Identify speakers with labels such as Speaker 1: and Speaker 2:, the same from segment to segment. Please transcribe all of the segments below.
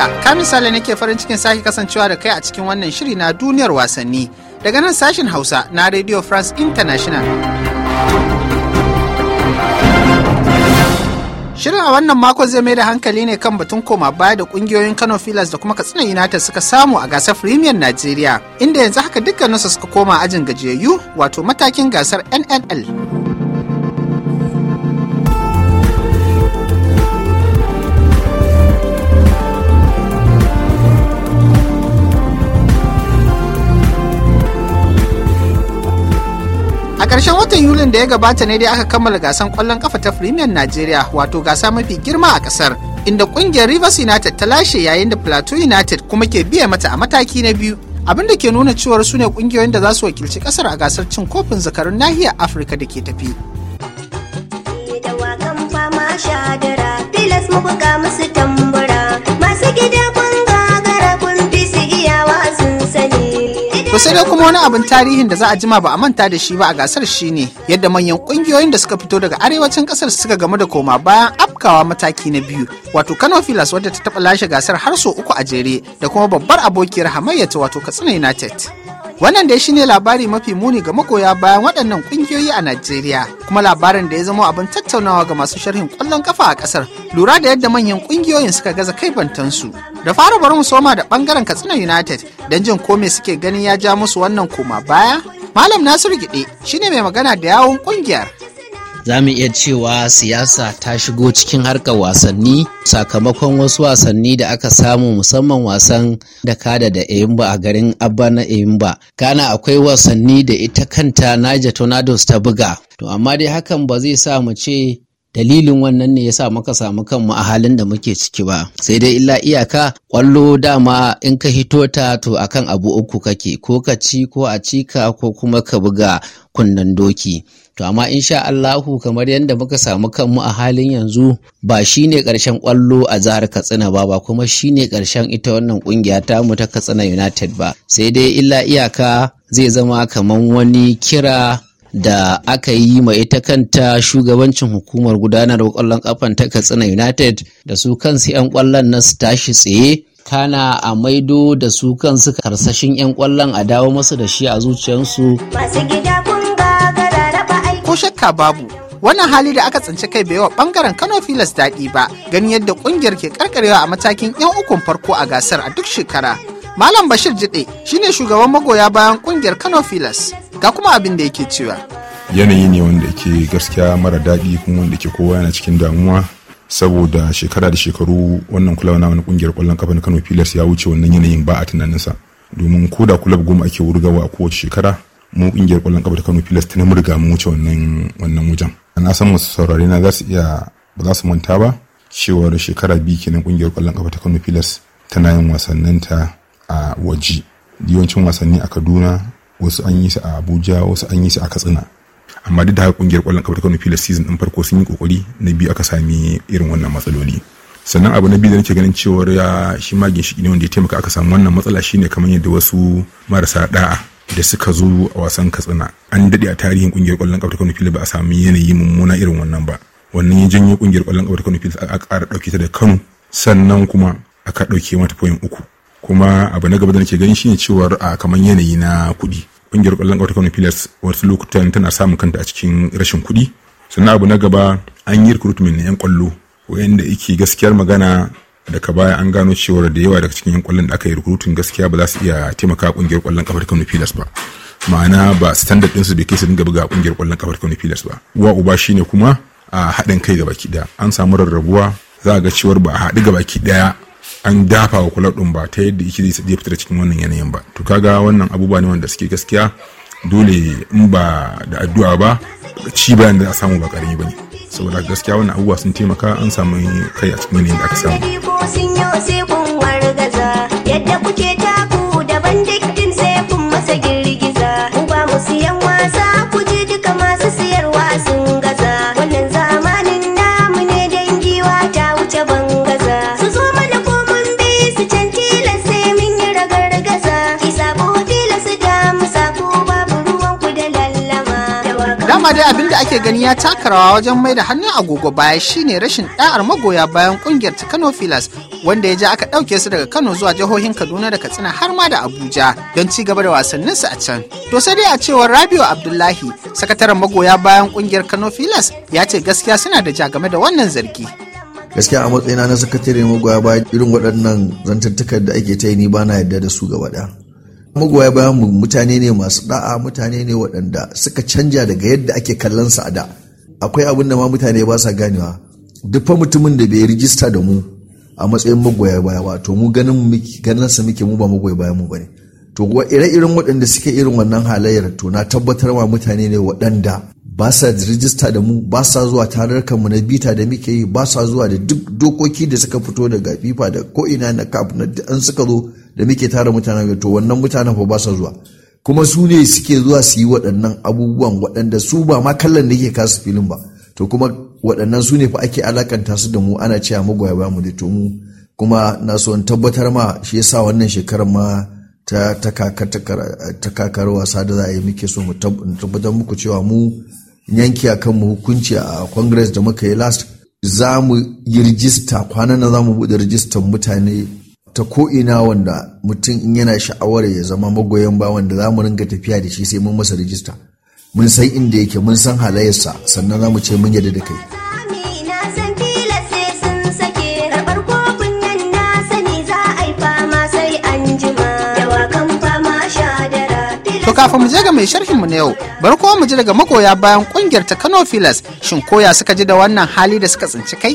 Speaker 1: haka ka misali nake farin cikin sake kasancewa da kai a cikin wannan shiri na duniyar wasanni daga nan sashin hausa na radio france international shirin a wannan makon zai mai da hankali ne kan batun koma baya da kungiyoyin kano filas da kuma katsina united suka samu a gasar premier nigeria inda yanzu haka dukkaninsu suka koma ajin gajiyayyu wato matakin gasar nnl A ƙarshen watan Yulin da ya gabata ne dai aka kammala gasan ƙwallon kafa ta Premier Najeriya wato gasa mafi girma a ƙasar inda ƙungiyar Rivers United ta lashe yayin da Plateau United kuma ke biya mata a mataki na biyu. Abin da ke nuna cewar su ne ƙungiyoyin da za su wakilci ƙasar a gasar cin kofin zakarun nahiyar Afirka da ke tafi. Da mu buga To sai dai kuma wani abin tarihin da za a jima ba a manta da shi ba a gasar shi ne yadda manyan kungiyoyin da suka fito daga arewacin kasar suka gamu da koma bayan afkawa mataki na biyu wato Kano Filas wadda ta taba lashe gasar har sau uku a jere da kuma babbar abokiyar hamayyata wato Katsina United. Wannan dai shine labari mafi muni ga magoya bayan waɗannan ƙungiyoyi a Najeriya, kuma labarin da ya zama abin tattaunawa ga masu sharhin ƙwallon kafa a ƙasar, lura da yadda manyan ƙungiyoyin suka gaza kai bantansu. Da fara bari mu soma da ɓangaren Katsina United, don jin ko me suke ganin ya ja musu wannan koma baya? Malam Nasiru Gide shine mai magana da yawun ƙungiyar.
Speaker 2: za mu iya cewa siyasa ta shigo cikin harkar wasanni sakamakon wasu wasanni da aka samu musamman wasan da kada da eyimba a garin abba na eyimba kana akwai wasanni da ita kanta naija tornadoes ta buga to amma dai hakan ba zai sa mu ce dalilin wannan ne ya sa muka samu kanmu a halin da muke ciki ba sai dai illa iyaka kwallo dama in ka hito ta to akan abu uku kake ko ka ci ko a cika ko kuma ka buga kunnan doki to amma insha Allahu kamar yadda muka samu kanmu a halin yanzu ba shine karshen kwallo a jihar Katsina ba ba kuma shine karshen ita wannan kungiya ta mu ta Katsina United ba sai dai illa iyaka zai zama kamar wani kira da aka yi ma ita kanta shugabancin hukumar gudanar da kwallon kafan ta katsina united da su kansu 'yan kwallon na su tashi tsaye kana a maido da su kansu karsashin 'yan kwallon a dawo masu da shi a zuciyarsu ko shakka
Speaker 1: babu wannan hali da aka tsinci kai bai wa bangaren kano filas daɗi ba gani yadda kungiyar ke karkarewa a matakin 'yan ukun farko a gasar a duk shekara Malam Bashir shi ne shugaban magoya bayan ƙungiyar Kano Filas ga kuma abin da yake cewa.
Speaker 3: Yanayi ne wanda ke gaskiya mara daɗi kuma wanda ke kowa yana cikin damuwa saboda shekara da shekaru wannan kulawa na wani kungiyar kwallon kafa na Kano Filas ya wuce wannan yanayin ba a tunaninsa. Domin ko da kulab goma ake wurgawa a kowace shekara mu kungiyar kwallon kafa ta Kano Filas ta murga mu wuce wannan wannan wajen. Na san masu saurare na za su iya ba za su manta ba cewar shekara biyu kenan kungiyar kwallon kafa ta Kano Filas tana yin wasanninta a waje yawancin wasanni a kaduna wasu an yi su a abuja wasu an yi su a katsina amma duk da haka kungiyar kwallon kafa ta kano filas season din farko sun yi kokari na biyu aka sami irin wannan matsaloli sannan abu na biyu da nake ganin cewar ya shi ma shi ne wanda ya taimaka aka samu wannan matsala shine kamar yadda wasu marasa da'a da suka zo a wasan katsina an daɗe a tarihin kungiyar kwallon kafa ta kano filas ba a sami yanayi mummuna irin wannan ba wannan ya janyo kungiyar kwallon kafa ta kano filas a ƙara dauke ta da kano sannan kuma aka dauke mata point uku kuma abu na gaba da nake ganin shine cewar a kamar yanayi na kuɗi ƙungiyar ƙwallon ƙwarta ta wasu lokutan tana samun kanta a cikin rashin kuɗi sannan abu na gaba an yi recruitment na 'yan ƙwallo wayanda ike gaskiyar magana daga baya an gano cewar da yawa daga cikin 'yan ƙwallon da aka yi recruiting gaskiya ba za su iya taimaka ƙungiyar ƙwallon ƙafar ta kano pillars ba ma'ana ba standard ɗinsu bai kai su dinga buga ƙungiyar ƙwallon ƙafar ta kano ba uwa uba shine kuma a haɗin kai gabaki ɗaya an samu rarrabuwa za a ga cewar ba a haɗu gabaki ɗaya an dafa wa kulab ɗin ba ta yadda ike zai fita cikin wannan yanayin ba to kaga wannan abubuwa ne wanda suke gaskiya dole in ba da addu'a ba ci bayan da a samu ba ba ne saboda gaskiya wannan abubuwa sun taimaka an samu kai a cikin yanayin da aka samu
Speaker 2: yadda kuke amma dai abin
Speaker 1: da ake gani ya taka rawa wajen mai da hannun agogo baya shine rashin da'ar magoya bayan kungiyar ta Kano Filas wanda ya ja aka ɗauke su daga Kano zuwa jihohin Kaduna da Katsina har ma da Abuja don ci gaba da wasannin su a can. To sai dai a cewar Rabiu Abdullahi, sakataren magoya bayan kungiyar Kano Filas ya ce gaskiya suna da jagame da wannan zargi.
Speaker 4: gaskiya a matsayina na sakatare magoya bayan irin waɗannan zantattakar da ake ta yi ni ba na yarda da su gaba ɗaya magoya bayan mu mutane ne masu da'a mutane ne waɗanda suka canja daga yadda ake kallon sa a da akwai abin da ma mutane ba sa ganewa duk fa mutumin da bai rijista da mu a matsayin magoya baya ba to mu ganin ganin sa muke mu ba magoya bayan mu bane to ire-iren waɗanda suke irin wannan halayyar to na tabbatar wa mutane ne waɗanda ba sa rijista da mu ba sa zuwa tararkan mu na bita da muke yi ba sa zuwa da duk dokoki da suka fito daga fifa da ko ina na kafin na an suka zo da muke tara mutanen to wannan mutanen fa ba sa zuwa kuma su ne suke zuwa su yi waɗannan abubuwan waɗanda su ba ma kallon da yake kasu filin ba to kuma waɗannan su ne fa ake alakanta su da mu ana cewa magoya ba mu da to mu kuma na so in tabbatar ma shi yasa wannan shekarar ma ta ta kakar wasa da za a yi muke so mu tabbatar muku cewa mu yanki a kanmu hukunci a congress da muka yi last za mu yi rijista kwanan nan za mu buɗe rijistar mutane ta ko'ina wanda mutum in yana sha'awar ya zama magoyan ba wanda za mu ringa tafiya da shi sai mun masa rijista mun san inda yake mun san halayyarsa sannan za mu ce mun yadda da kai
Speaker 1: To kafin mu je ga mai sharhin mu na yau, bar ko mu ji daga magoya bayan kungiyar ta Kano Filas, shin koya suka ji da wannan hali da suka tsinci kai?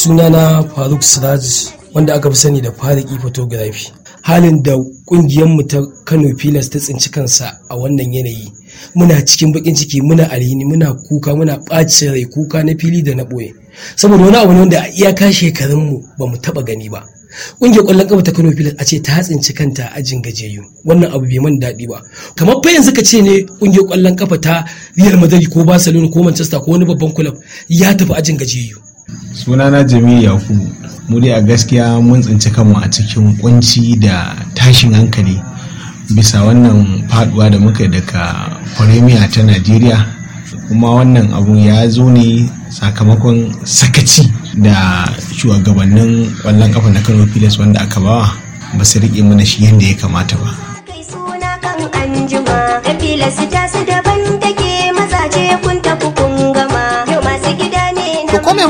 Speaker 5: Sunana Faruk Siraji wanda aka fi sani da fariki photography halin da mu ta kano pilas ta tsinci kansa a wannan yanayi muna cikin bakin ciki muna alhini muna kuka muna ɓacin rai kuka na fili da na ɓoye saboda wani abu ne wanda a iyaka shekarunmu ba mu taɓa gani ba ƙungiyar ƙwallon ƙafa ta kano pilas a ce ta tsinci kanta a jin gajeyu wannan abu bai man daɗi ba kamar fa yanzu ka ce ne ƙungiyar ƙwallon ƙafa ta real madrid ko barcelona ko manchester ko wani babban kulab ya tafi ajin gajeyu sunana jamilu yakubu mu dai a gaskiya mun tsinci kanmu a cikin kunci da tashin hankali bisa wannan faduwa da muka daga premier ta najeriya kuma wannan abu ya zo ne sakamakon sakaci da shugabannin kwallon kafa na kano pilas wanda aka bawa ba su riƙe mana shi yadda ya kamata ba. Kai
Speaker 4: suna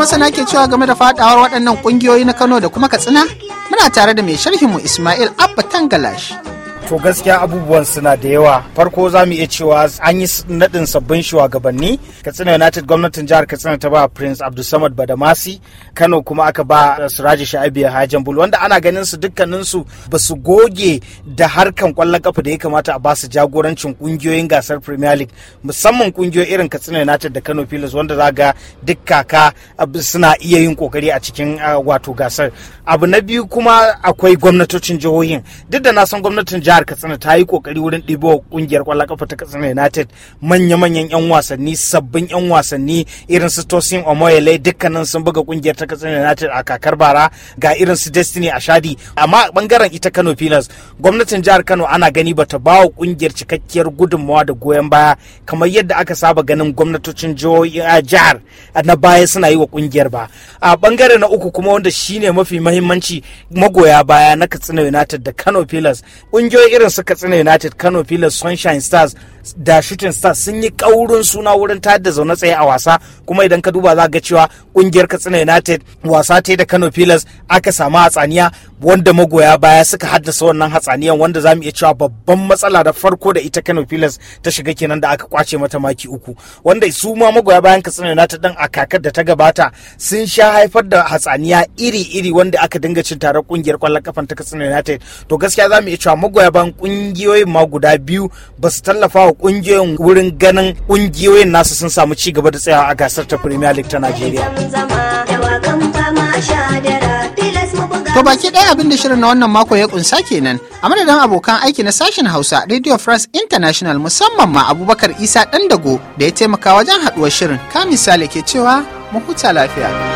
Speaker 1: masana ke cewa game da fadawar waɗannan ƙungiyoyi na Kano da kuma Katsina?
Speaker 5: Muna tare da mai sharhinmu Ismail Abba Tangalash. to gaskiya abubuwan suna da yawa farko za mu iya cewa an yi naɗin sabbin shugabanni katsina united gwamnatin jihar katsina ta ba prince abdulsamad badamasi kano kuma aka ba siraji sha'abi hajan bul wanda ana ganin su dukkanin su ba su goge da harkan kwallon kafa da ya kamata a ba su jagorancin kungiyoyin gasar premier league musamman kungiyoyi irin katsina united da kano pilas wanda za ga duk kaka suna iya yin kokari a cikin wato gasar abu na biyu kuma akwai gwamnatocin jihohin duk da na san gwamnatin jihar jihar katsina ta yi kokari wurin ɗibo kungiyar kwallon kafa ta katsina united manya-manyan 'yan wasanni sabbin 'yan wasanni irin su tosin omoyele dukkanin sun buga kungiyar ta katsina united a kakar bara ga irin su destiny ashadi amma a bangaren ita kano pilas gwamnatin jihar kano ana gani bata ba wa kungiyar cikakkiyar gudunmawa da goyon baya kamar yadda aka saba ganin gwamnatocin jihar na baya suna yi wa kungiyar ba a bangare na uku kuma wanda shine mafi mahimmanci magoya baya na katsina united da kano pillars kungiyoyi irin suka katsina united kano pilas sunshine stars da shooting stars sun yi kaurin suna wurin tayar da zaune tsaye a wasa kuma idan ka duba za ga cewa kungiyar katsina united wasa ta da kano pillars aka samu hatsaniya wanda magoya baya suka haddasa wannan hatsaniyan wanda za mu iya cewa babban matsala da farko da ita kano pillars ta shiga kenan da aka kwace mata maki uku wanda su ma magoya bayan katsina united din a kakar da ta gabata sun sha haifar da hatsaniya iri-iri wanda aka dinga cin tare kungiyar kwallon kafan ta katsina united to gaskiya za mu iya cewa magoya bayan kungiyoyin ma guda biyu ba su tallafa wa kungiyoyin wurin ganin kungiyoyin nasu sun samu ci gaba da tsayawa a gasar ta Premier League ta Najeriya.
Speaker 1: To baki ɗaya abin da shirin na wannan mako ya kunsa kenan a madadin abokan aiki na sashen Hausa Radio France International musamman ma Abubakar Isa Dandago da ya taimaka wajen haɗuwar shirin ka misali ke cewa mu huta lafiya.